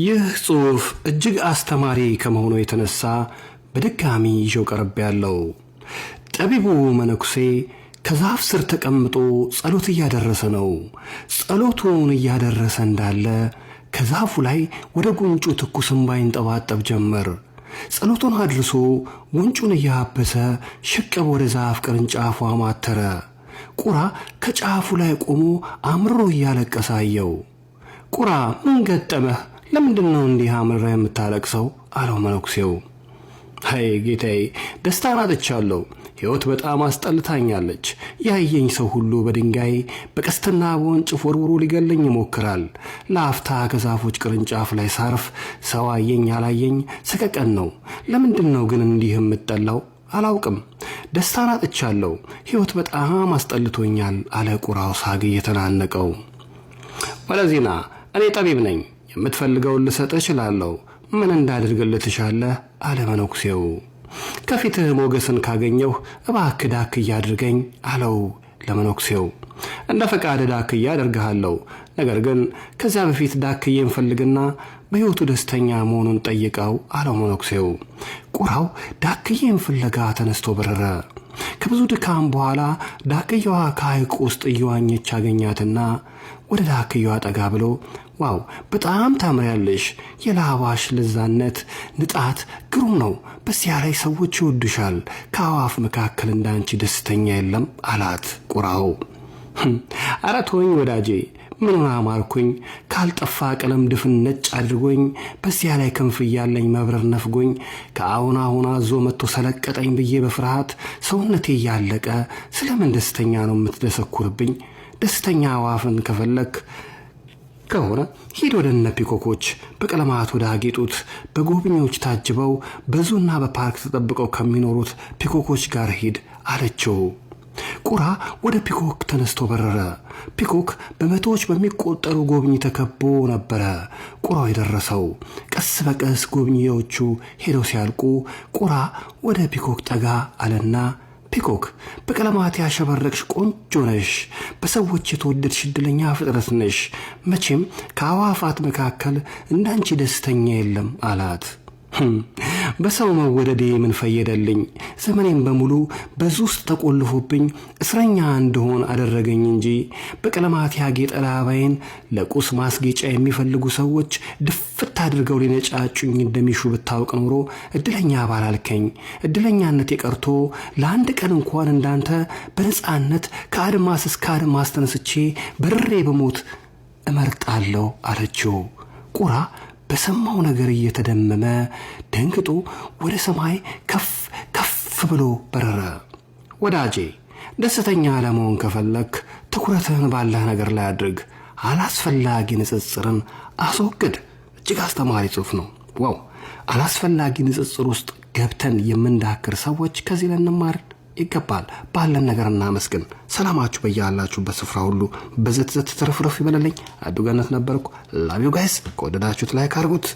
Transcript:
ይህ ጽሑፍ እጅግ አስተማሪ ከመሆኑ የተነሳ በድጋሚ ይዤው ቀርብ ያለው ጠቢቡ መነኩሴ ከዛፍ ስር ተቀምጦ ጸሎት እያደረሰ ነው። ጸሎቱን እያደረሰ እንዳለ ከዛፉ ላይ ወደ ጉንጩ ትኩስ ባይንጠባጠብ ይንጠባጠብ ጀመር። ጸሎቱን አድርሶ ጉንጩን እያበሰ ሽቅብ ወደ ዛፍ ቅርንጫፉ አማተረ። ቁራ ከጫፉ ላይ ቆሞ አምሮ እያለቀሳየው ቁራ ምን ገጠመህ? ለምንድን ነው እንዲህ አምርራ የምታለቅሰው? አለው መነኩሴው። አይ ጌታዬ፣ ደስታ አጥቻለሁ። ሕይወት በጣም አስጠልታኛለች። ያየኝ ሰው ሁሉ በድንጋይ በቀስትና በወንጭፍ ወርውሮ ሊገለኝ ይሞክራል። ለአፍታ ከዛፎች ቅርንጫፍ ላይ ሳርፍ ሰው አየኝ አላየኝ ሰቀቀን ነው። ለምንድን ነው ግን እንዲህ የምጠላው? አላውቅም። ደስታ አጥቻለሁ። ሕይወት በጣም አስጠልቶኛል አለ ቁራው ሳግ እየተናነቀው። ባለዜና፣ እኔ ጠቢብ ነኝ የምትፈልገውን ልሰጥ እችላለሁ። ምን እንዳድርግ ልትሻለ? አለ መነኩሴው። ከፊትህ ሞገስን ካገኘሁ እባክህ ዳክ አድርገኝ አለው ለመነኩሴው። እንደ ፈቃድ ዳክዬ አደርግሃለሁ። ነገር ግን ከዚያ በፊት ዳክዬን ፈልግና በሕይወቱ ደስተኛ መሆኑን ጠይቀው አለው መነኩሴው። ቁራው ዳክዬን ፍለጋ ተነስቶ በረረ። ከብዙ ድካም በኋላ ዳክየዋ ከሐይቅ ውስጥ እየዋኘች አገኛትና ወደ ዳክየዋ ጠጋ ብሎ ዋው በጣም ታምሪያለሽ። የላባሽ ለዛነት ንጣት ግሩም ነው። በዚያ ላይ ሰዎች ይወዱሻል። ከአዋፍ መካከል እንዳንቺ ደስተኛ የለም አላት ቁራው። አረ ተወኝ ወዳጄ ምኑን አማርኩኝ ካልጠፋ ቀለም ድፍን ነጭ አድርጎኝ በዚያ ላይ ክንፍ እያለኝ መብረር ነፍጎኝ ከአሁን አሁን አዞ መጥቶ ሰለቀጠኝ ብዬ በፍርሃት ሰውነቴ እያለቀ ስለምን ደስተኛ ነው የምትደሰኩርብኝ? ደስተኛ ዋፍን ከፈለክ ከሆነ ሂድ ወደ እነ ፒኮኮች በቀለማት ወደ አጌጡት በጎብኚዎች ታጅበው በዙና በፓርክ ተጠብቀው ከሚኖሩት ፒኮኮች ጋር ሂድ አለችው። ቁራ ወደ ፒኮክ ተነስቶ በረረ። ፒኮክ በመቶዎች በሚቆጠሩ ጎብኚ ተከቦ ነበረ ቁራው የደረሰው። ቀስ በቀስ ጎብኚዎቹ ሄደው ሲያልቁ ቁራ ወደ ፒኮክ ጠጋ አለና ፒኮክ በቀለማት ያሸበረቅሽ ቆንጆ ነሽ። በሰዎች የተወደድሽ እድለኛ ፍጥረት ነሽ። መቼም ከአዋፋት መካከል እንዳንቺ ደስተኛ የለም አላት። በሰው መወደዴ ምን ፈየደልኝ? ዘመኔም በሙሉ በዙ ውስጥ ተቆልፎብኝ እስረኛ እንደሆን አደረገኝ እንጂ በቀለማት ያጌጠ ላባዬን ለቁስ ማስጌጫ የሚፈልጉ ሰዎች ድፍት አድርገው ሊነጫጩኝ እንደሚሹ ብታውቅ ኖሮ እድለኛ ባላልከኝ። እድለኛነት የቀርቶ ለአንድ ቀን እንኳን እንዳንተ በነፃነት ከአድማስ እስከ አድማስ ተነስቼ በርሬ በሞት እመርጣለሁ አለችው ቁራ በሰማው ነገር እየተደመመ ደንግጦ ወደ ሰማይ ከፍ ከፍ ብሎ በረረ። ወዳጄ ደስተኛ ለመሆን ከፈለክ ትኩረትህን ባለህ ነገር ላይ አድርግ። አላስፈላጊ ንጽጽርን አስወግድ። እጅግ አስተማሪ ጽሑፍ ነው። ዋው! አላስፈላጊ ንጽጽር ውስጥ ገብተን የምንዳክር ሰዎች ከዚህ ላይ ይገባል። ባለን ነገር እናመስግን። ሰላማችሁ በያላችሁበት ስፍራ ሁሉ በዘትዘት ተረፍረፍ ይበለልኝ። አዱገነት ነበርኩ። ላቪው ጋይስ ከወደዳችሁት ላይክ አድርጉት።